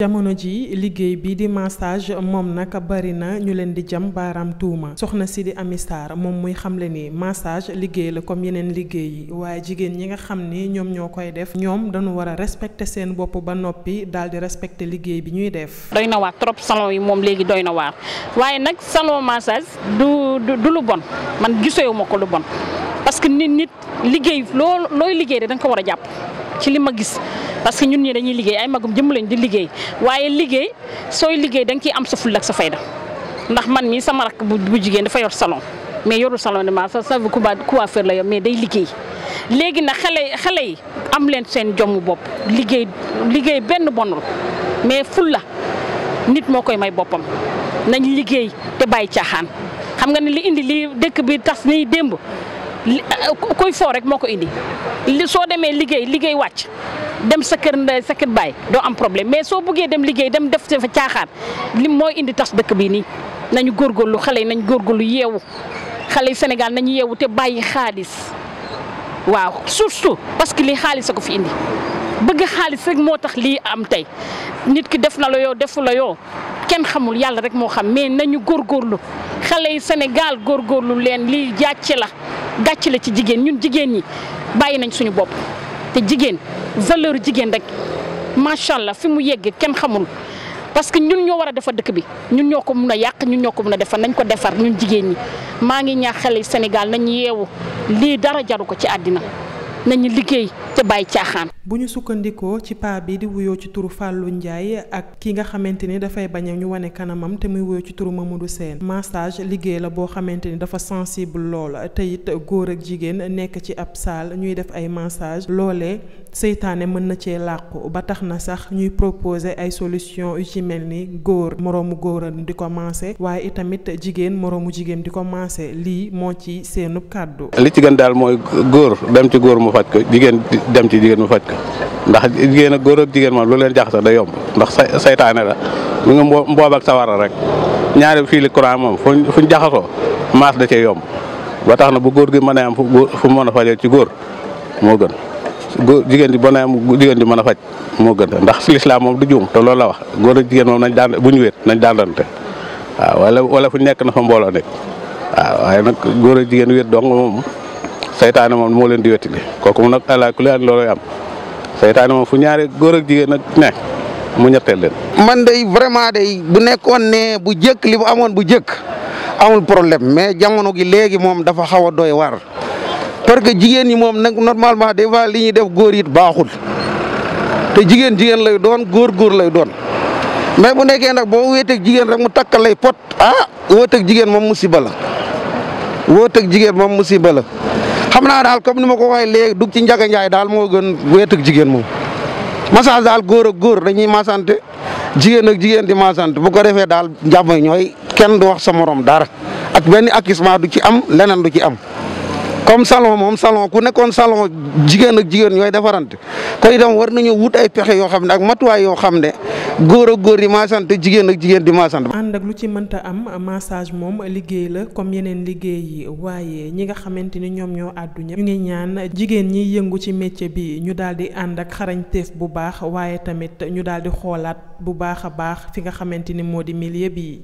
jamono ji liggéey bi di massage moom nag bari na ñu leen di jam baaraam tuuma soxna si di Amy moom muy xamle ni massage liggéey la comme yeneen liggéey yi waaye jigéen ñi nga xam ni ñoom ñoo koy def ñoom dañu war a respecter seen bopp ba noppi daal di respecter liggéey bi ñuy def. doy na waar trop salon yi moom léegi doy na waar waaye nag salon massage du du lu bon man gisewuma ko lu bon parce que nit liggéey loolu looy liggéey rek da ko war a jàpp. ci li ma gis parce que ñun ñi dañuy liggéey ay magum jëmm lañ di liggéey waaye liggéey sooy liggéey danga nga am sa fulla ak sa da ndax man mii sama rakk bu jigéen dafa yor salon mais yorul salon de massage sa coiffeur la yor mais day liggéey léegi nag xale xale yi am leen seen jomm bopp liggéey liggéey benn bonul mais la nit moo koy may boppam nañ liggéey te bàyyi caaxaan xam nga ni li indi li dëkk bi tas nii démb Eh, kuy foo rek moo ko indi li soo demee liggéey liggéey wàcc dem sa kër ndey sa kër baay doo am problème mais soo buggee dem liggéey dem def fa caaxaan lim mooy indi tas dëkk bi nii nañu góorgóorlu xale yi nañu góorgóorlu yeewu xale yi Sénégal nañu yeewu bàyyi xaalis waaw surtout parce que lii xaalis ko fi indi bëgg xaalis rek moo tax lii am tey nit ki def na la yoo defu la yoo kenn xamul yàlla rek moo xam mais nañu góor góorlu xale yi Sénégal góorlu leen li jàcce la. gàcc la ci jigéen ñun jigéen ñi bàyyi nañ suñu bopp te jigéen valeur jigéen rek macha allah fi mu yegg kenn xamul parce que ñun ñoo war a defar dëkk bi ñun ñoo ko mun a yàq ñun ñoo ko mun a defar nañ ko defar ñun jigéen ñi maa ngi ñaax xale Sénégal nañ yeewu lii dara jaru ko ci àddina nañ liggéey. te bàyyi bu ñu sukkandikoo ci paa bi di wuyoo ci turu fàllu Ndiaye ak ki nga xamante ni dafay bañ a ñu wane kanamam te muy wuyoo ci turu Mamadou seen massage liggéey la boo xamante ni dafa sensible lool te it góor ak jigéen nekk ci ab salle ñuy def ay massage loolee seytaane mën na cee làqu ba tax na sax ñuy proposer ay solution yu ci mel ni góor moroomu góoram di ko maase waaye itamit jigéen moroomu jigéen di ko maase lii moo ci seenub kàddu. li ci gën daal mooy góor dem góor mu faj ko dem ci jigéen mu faj ko ndax jigéen ak góor ak jigéen moom lu leen jax sax day yomb ndax say saytaane la mu ngi mboob ak sawara rek ñaari fii li courant moom fuñ fuñ jaxasoo maas da cee yomb ba tax na bu góor gi mën a am fu fu mën a ci góor moo gën góor jigéen ji mën a am jigéen ji mën a faj moo gën ndax lislaam moom du juum te loolu la wax góor ak jigéen moom nañ daan bu ñu wéet nañ daandante waaw wala wala fu nekk na fa mbooloo nekk waaw waaye nag góor ak jigéen wéet dong moom seytaane moom moo leen di wetti bi kooku moom nag allah kulli an looloy am seytaane moom fu ñaare góor ak jigéen nag ne mu ñetteel leen. man day vraiment day bu nekkoon ne bu jëkk li bu amoon bu jëkk amul problème mais jamono gi léegi moom dafa xaw a doy war parce que jigéen ñi moom nag normalement de fois li ñuy def góor baaxul te jigéen jigéen lay doon góor góor lay doon. mais bu nekkee nag boo wéeteeg jigéen rek mu takkal lay pot ah wóoteeg jigéen moom musiba la wóoteeg jigéen moom musiba la xam naa daal comme ni ma ko waxee léegi dugg ci Njaay daal moo gën wéet ak jigéen moom massage daal góor ak góor dañuy maasante jigéen ak jigéen di maasante bu ko defee daal jàmm ñooy kenn du wax sa morom dara ak benn accusement du ci am leneen du ci am. comme salon moom salon ku nekkoon salon jigéen ak jigéen ñooy defarante kon itam war nañu wut ay pexe yoo xam ne ak matuwaay yoo xam ne. góor a góor di maa jigéen ak jigéen di maa ànd ak lu ci mënta am massage moom liggéey la comme yeneen liggéey yi waaye ñi nga xamante ni ñoom ñoo àddu ñu ngi ñaan jigéen ñi yëngu ci métier bi ñu daal di ànd ak xarañteef bu baax waaye tamit ñu daal di xoolaat bu baax a baax fi nga xamante ni moo di millier bi.